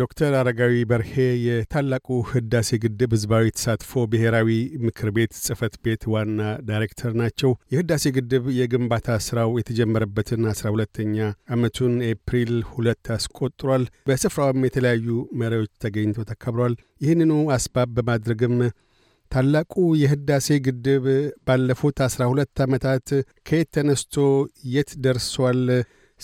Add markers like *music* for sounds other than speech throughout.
ዶክተር አረጋዊ በርሄ የታላቁ ህዳሴ ግድብ ህዝባዊ ተሳትፎ ብሔራዊ ምክር ቤት ጽህፈት ቤት ዋና ዳይሬክተር ናቸው። የህዳሴ ግድብ የግንባታ ስራው የተጀመረበትን አስራ ሁለተኛ ዓመቱን ኤፕሪል ሁለት አስቆጥሯል። በስፍራውም የተለያዩ መሪዎች ተገኝተው ተከብሯል። ይህንኑ አስባብ በማድረግም ታላቁ የህዳሴ ግድብ ባለፉት አስራ ሁለት ዓመታት ከየት ተነስቶ የት ደርሷል?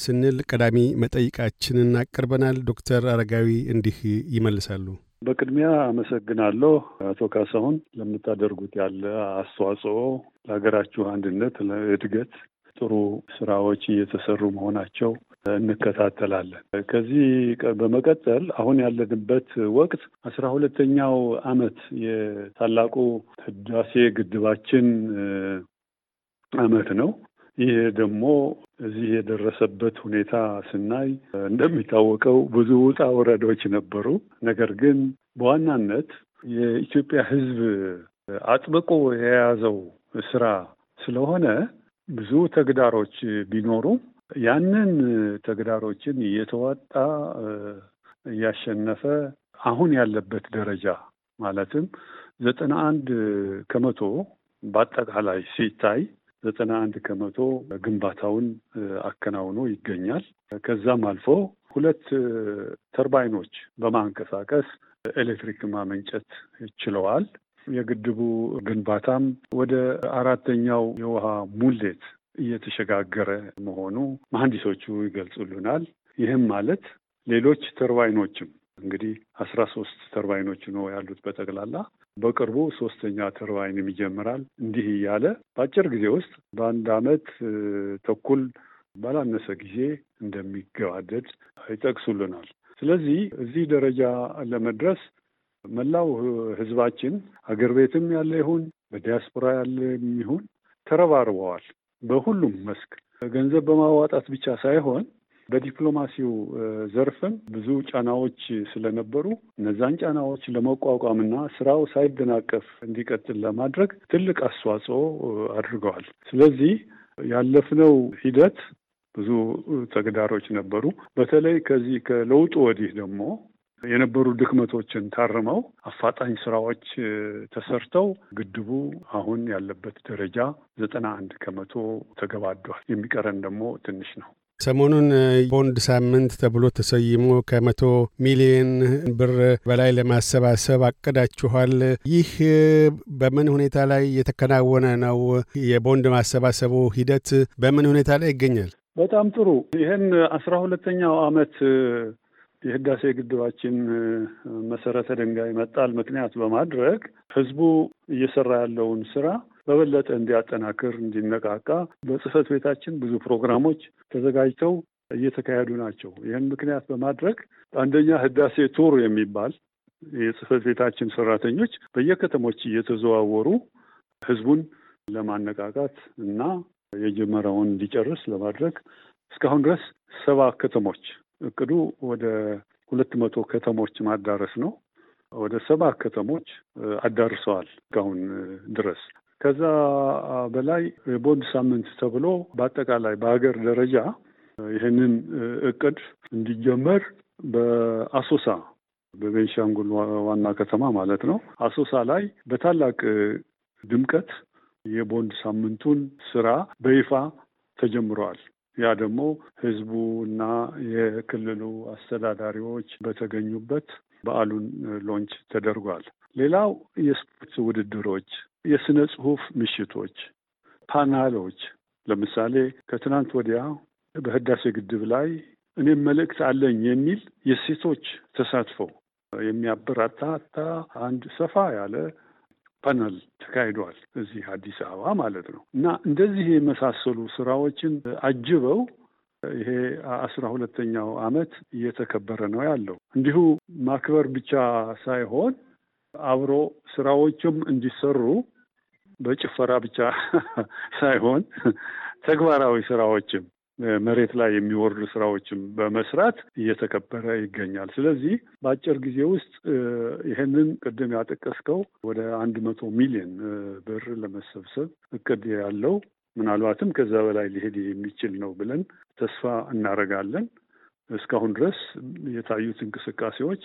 ስንል ቀዳሚ መጠይቃችንን አቅርበናል። ዶክተር አረጋዊ እንዲህ ይመልሳሉ። በቅድሚያ አመሰግናለሁ አቶ ካሳሁን ለምታደርጉት ያለ አስተዋጽኦ፣ ለሀገራችሁ አንድነት፣ ለእድገት ጥሩ ስራዎች እየተሰሩ መሆናቸው እንከታተላለን። ከዚህ በመቀጠል አሁን ያለንበት ወቅት አስራ ሁለተኛው አመት የታላቁ ህዳሴ ግድባችን አመት ነው። ይሄ ደግሞ እዚህ የደረሰበት ሁኔታ ስናይ እንደሚታወቀው ብዙ ውጣ ወረዶች ነበሩ። ነገር ግን በዋናነት የኢትዮጵያ ሕዝብ አጥብቆ የያዘው ስራ ስለሆነ ብዙ ተግዳሮች ቢኖሩም ያንን ተግዳሮችን እየተዋጣ እያሸነፈ አሁን ያለበት ደረጃ ማለትም ዘጠና አንድ ከመቶ በአጠቃላይ ሲታይ ዘጠና አንድ ከመቶ ግንባታውን አከናውኖ ይገኛል። ከዛም አልፎ ሁለት ተርባይኖች በማንቀሳቀስ ኤሌክትሪክ ማመንጨት ችለዋል። የግድቡ ግንባታም ወደ አራተኛው የውሃ ሙሌት እየተሸጋገረ መሆኑ መሐንዲሶቹ ይገልጹልናል። ይህም ማለት ሌሎች ተርባይኖችም እንግዲህ አስራ ሶስት ተርባይኖች ነው ያሉት በጠቅላላ በቅርቡ ሶስተኛ ተርባይንም ይጀምራል። እንዲህ እያለ በአጭር ጊዜ ውስጥ በአንድ አመት ተኩል ባላነሰ ጊዜ እንደሚገባደድ ይጠቅሱልናል። ስለዚህ እዚህ ደረጃ ለመድረስ መላው ህዝባችን አገር ቤትም ያለ ይሁን በዲያስፖራ ያለ ይሁን ተረባርበዋል። በሁሉም መስክ ገንዘብ በማዋጣት ብቻ ሳይሆን በዲፕሎማሲው ዘርፍም ብዙ ጫናዎች ስለነበሩ እነዛን ጫናዎች ለመቋቋምና ስራው ሳይደናቀፍ እንዲቀጥል ለማድረግ ትልቅ አስተዋጽኦ አድርገዋል። ስለዚህ ያለፍነው ሂደት ብዙ ተግዳሮች ነበሩ። በተለይ ከዚህ ከለውጡ ወዲህ ደግሞ የነበሩ ድክመቶችን ታርመው አፋጣኝ ስራዎች ተሰርተው ግድቡ አሁን ያለበት ደረጃ ዘጠና አንድ ከመቶ ተገባዷል። የሚቀረን ደግሞ ትንሽ ነው። ሰሞኑን ቦንድ ሳምንት ተብሎ ተሰይሞ ከመቶ ሚሊዮን ብር በላይ ለማሰባሰብ አቅዳችኋል። ይህ በምን ሁኔታ ላይ የተከናወነ ነው? የቦንድ ማሰባሰቡ ሂደት በምን ሁኔታ ላይ ይገኛል? በጣም ጥሩ። ይህን አስራ ሁለተኛው አመት የህዳሴ ግድባችን መሰረተ ድንጋይ መጣል ምክንያት በማድረግ ህዝቡ እየሰራ ያለውን ስራ በበለጠ እንዲያጠናክር እንዲነቃቃ በጽህፈት ቤታችን ብዙ ፕሮግራሞች ተዘጋጅተው እየተካሄዱ ናቸው። ይህን ምክንያት በማድረግ አንደኛ ህዳሴ ቱር የሚባል የጽህፈት ቤታችን ሰራተኞች በየከተሞች እየተዘዋወሩ ህዝቡን ለማነቃቃት እና የጀመረውን እንዲጨርስ ለማድረግ እስካሁን ድረስ ሰባ ከተሞች እቅዱ ወደ ሁለት መቶ ከተሞች ማዳረስ ነው። ወደ ሰባ ከተሞች አዳርሰዋል እስካሁን ድረስ ከዛ በላይ የቦንድ ሳምንት ተብሎ በአጠቃላይ በሀገር ደረጃ ይህንን እቅድ እንዲጀመር በአሶሳ በቤንሻንጉል ዋና ከተማ ማለት ነው አሶሳ ላይ በታላቅ ድምቀት የቦንድ ሳምንቱን ስራ በይፋ ተጀምረዋል። ያ ደግሞ ህዝቡ እና የክልሉ አስተዳዳሪዎች በተገኙበት በዓሉን ሎንች ተደርጓል። ሌላው የስፖርት ውድድሮች የሥነ ጽሑፍ ምሽቶች፣ ፓናሎች ለምሳሌ ከትናንት ወዲያ በህዳሴ ግድብ ላይ እኔም መልእክት አለኝ የሚል የሴቶች ተሳትፎ የሚያበራታታ አንድ ሰፋ ያለ ፓናል ተካሂዷል። እዚህ አዲስ አበባ ማለት ነው። እና እንደዚህ የመሳሰሉ ስራዎችን አጅበው ይሄ አስራ ሁለተኛው ዓመት እየተከበረ ነው ያለው። እንዲሁ ማክበር ብቻ ሳይሆን አብሮ ስራዎችም እንዲሰሩ በጭፈራ ብቻ *laughs* ሳይሆን ተግባራዊ ስራዎችም መሬት ላይ የሚወርዱ ስራዎችም በመስራት እየተከበረ ይገኛል። ስለዚህ በአጭር ጊዜ ውስጥ ይህንን ቅድም ያጠቀስከው ወደ አንድ መቶ ሚሊዮን ብር ለመሰብሰብ እቅድ ያለው ምናልባትም ከዛ በላይ ሊሄድ የሚችል ነው ብለን ተስፋ እናደርጋለን። እስካሁን ድረስ የታዩት እንቅስቃሴዎች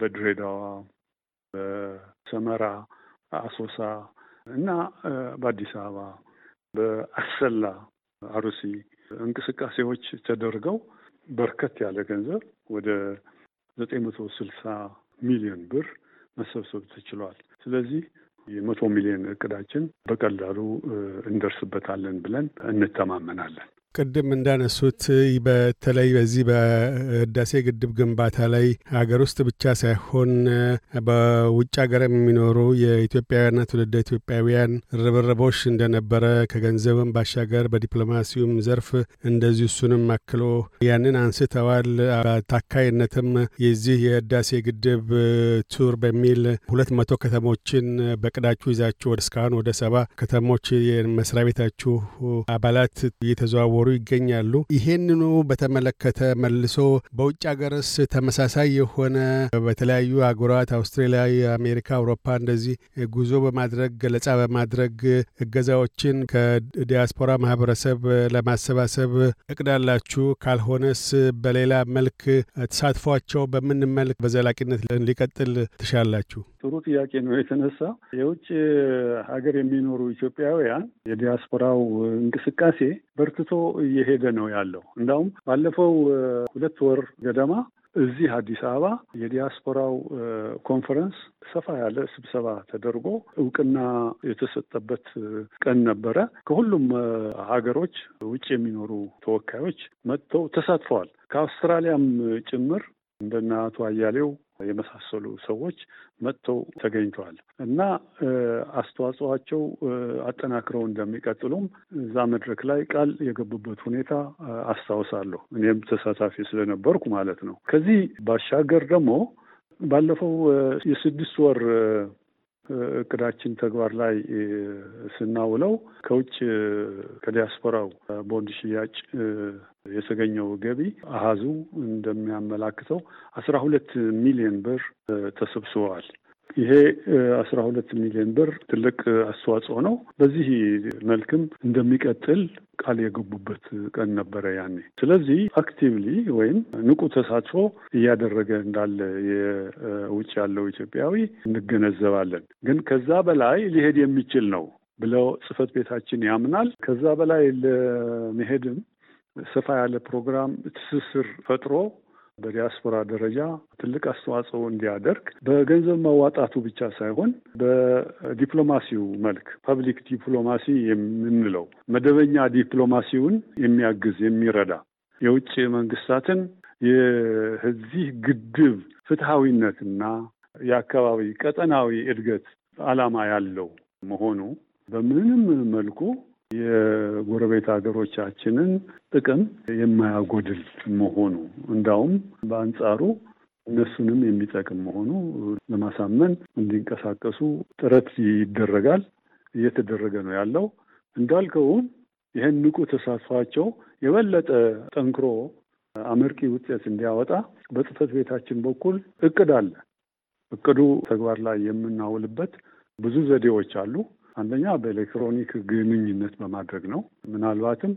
በድሬዳዋ፣ በሰመራ፣ አሶሳ እና በአዲስ አበባ በአሰላ አሩሲ እንቅስቃሴዎች ተደርገው በርከት ያለ ገንዘብ ወደ ዘጠኝ መቶ ስልሳ ሚሊዮን ብር መሰብሰብ ተችሏል። ስለዚህ የመቶ ሚሊዮን እቅዳችን በቀላሉ እንደርስበታለን ብለን እንተማመናለን። ቅድም እንዳነሱት በተለይ በዚህ በህዳሴ ግድብ ግንባታ ላይ ሀገር ውስጥ ብቻ ሳይሆን በውጭ ሀገር የሚኖሩ የኢትዮጵያውያንና ትውልደ ኢትዮጵያውያን ርብርቦች እንደነበረ ከገንዘብም ባሻገር በዲፕሎማሲውም ዘርፍ እንደዚህ እሱንም አክሎ ያንን አንስተዋል። ታካይነትም የዚህ የህዳሴ ግድብ ቱር በሚል ሁለት መቶ ከተሞችን በቅዳችሁ ይዛችሁ እስካሁን ወደ ሰባ ከተሞች የመስሪያ ቤታችሁ አባላት እየተዘዋወ እየተዘዋወሩ ይገኛሉ። ይሄንኑ በተመለከተ መልሶ በውጭ ሀገርስ ተመሳሳይ የሆነ በተለያዩ አገራት አውስትራሊያ፣ የአሜሪካ፣ አውሮፓ እንደዚህ ጉዞ በማድረግ ገለጻ በማድረግ እገዛዎችን ከዲያስፖራ ማህበረሰብ ለማሰባሰብ እቅዳላችሁ? ካልሆነስ በሌላ መልክ ተሳትፏቸው በምን መልክ በዘላቂነት ሊቀጥል ትሻላችሁ? ጥሩ ጥያቄ ነው የተነሳ የውጭ ሀገር የሚኖሩ ኢትዮጵያውያን የዲያስፖራው እንቅስቃሴ በርትቶ እየሄደ ነው ያለው። እንዳውም ባለፈው ሁለት ወር ገደማ እዚህ አዲስ አበባ የዲያስፖራው ኮንፈረንስ ሰፋ ያለ ስብሰባ ተደርጎ እውቅና የተሰጠበት ቀን ነበረ። ከሁሉም ሀገሮች ውጭ የሚኖሩ ተወካዮች መጥተው ተሳትፈዋል። ከአውስትራሊያም ጭምር እንደነ አቶ አያሌው የመሳሰሉ ሰዎች መጥተው ተገኝተዋል እና አስተዋጽኦቸው አጠናክረው እንደሚቀጥሉም እዛ መድረክ ላይ ቃል የገቡበት ሁኔታ አስታውሳለሁ። እኔም ተሳታፊ ስለነበርኩ ማለት ነው። ከዚህ ባሻገር ደግሞ ባለፈው የስድስት ወር እቅዳችን ተግባር ላይ ስናውለው ከውጭ ከዲያስፖራው ቦንድ ሽያጭ የተገኘው ገቢ አሀዙ እንደሚያመላክተው አስራ ሁለት ሚሊዮን ብር ተሰብስበዋል። ይሄ አስራ ሁለት ሚሊዮን ብር ትልቅ አስተዋጽኦ ነው። በዚህ መልክም እንደሚቀጥል ቃል የገቡበት ቀን ነበረ ያኔ። ስለዚህ አክቲቭሊ ወይም ንቁ ተሳትፎ እያደረገ እንዳለ የውጭ ያለው ኢትዮጵያዊ እንገነዘባለን። ግን ከዛ በላይ ሊሄድ የሚችል ነው ብለው ጽህፈት ቤታችን ያምናል። ከዛ በላይ ለመሄድም ሰፋ ያለ ፕሮግራም ትስስር ፈጥሮ በዲያስፖራ ደረጃ ትልቅ አስተዋጽኦ እንዲያደርግ በገንዘብ ማዋጣቱ ብቻ ሳይሆን በዲፕሎማሲው መልክ ፐብሊክ ዲፕሎማሲ የምንለው መደበኛ ዲፕሎማሲውን የሚያግዝ የሚረዳ የውጭ መንግስታትን የዚህ ግድብ ፍትሐዊነትና የአካባቢ ቀጠናዊ እድገት ዓላማ ያለው መሆኑ በምንም መልኩ የጎረቤት ሀገሮቻችንን ጥቅም የማያጎድል መሆኑ እንዳውም በአንጻሩ እነሱንም የሚጠቅም መሆኑ ለማሳመን እንዲንቀሳቀሱ ጥረት ይደረጋል፣ እየተደረገ ነው ያለው። እንዳልከውም ይህን ንቁ ተሳትፏቸው የበለጠ ጠንክሮ አመርቂ ውጤት እንዲያወጣ በጽህፈት ቤታችን በኩል እቅድ አለ። እቅዱ ተግባር ላይ የምናውልበት ብዙ ዘዴዎች አሉ። አንደኛ በኤሌክትሮኒክ ግንኙነት በማድረግ ነው። ምናልባትም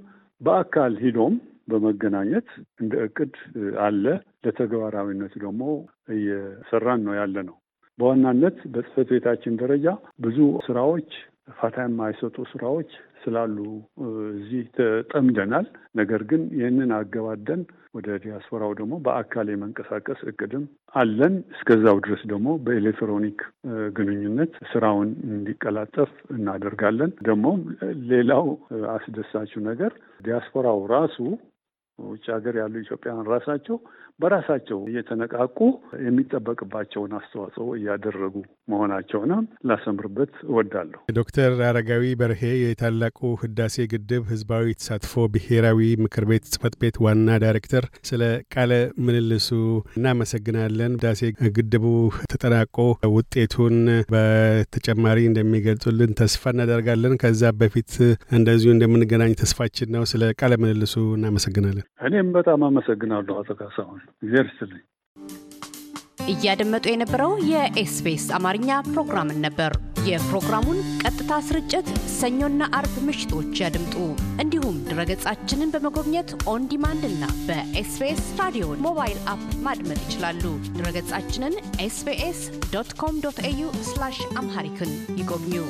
በአካል ሂዶም በመገናኘት እንደ እቅድ አለ። ለተግባራዊነቱ ደግሞ እየሰራን ነው ያለ ነው። በዋናነት በጽህፈት ቤታችን ደረጃ ብዙ ስራዎች ፋታ የማይሰጡ ስራዎች ስላሉ እዚህ ተጠምደናል። ነገር ግን ይህንን አገባደን ወደ ዲያስፖራው ደግሞ በአካል የመንቀሳቀስ እቅድም አለን። እስከዛው ድረስ ደግሞ በኤሌክትሮኒክ ግንኙነት ስራውን እንዲቀላጠፍ እናደርጋለን። ደግሞ ሌላው አስደሳችው ነገር ዲያስፖራው ራሱ ውጭ ሀገር ያሉ ኢትዮጵያውያን ራሳቸው በራሳቸው እየተነቃቁ የሚጠበቅባቸውን አስተዋጽኦ እያደረጉ መሆናቸውን ላሰምርበት እወዳለሁ። ዶክተር አረጋዊ በርሄ የታላቁ ህዳሴ ግድብ ህዝባዊ ተሳትፎ ብሔራዊ ምክር ቤት ጽህፈት ቤት ዋና ዳይሬክተር፣ ስለ ቃለ ምልልሱ እናመሰግናለን። ህዳሴ ግድቡ ተጠናቆ ውጤቱን በተጨማሪ እንደሚገልጹልን ተስፋ እናደርጋለን። ከዛ በፊት እንደዚሁ እንደምንገናኝ ተስፋችን ነው። ስለ ቃለ ምልልሱ እናመሰግናለን። እኔም በጣም አመሰግናለሁ አቶ ካሳሁን እግዚአብሔር ይስጥልኝ። እያደመጡ የነበረው የኤስቢኤስ አማርኛ ፕሮግራምን ነበር። የፕሮግራሙን ቀጥታ ስርጭት ሰኞና አርብ ምሽቶች ያድምጡ። እንዲሁም ድረገጻችንን በመጎብኘት ኦን ዲማንድ እና በኤስቢኤስ ራዲዮን ሞባይል አፕ ማድመጥ ይችላሉ። ድረገጻችንን ኤስቢኤስ ዶት ኮም ዶት ኤዩ አምሃሪክን ይጎብኙ።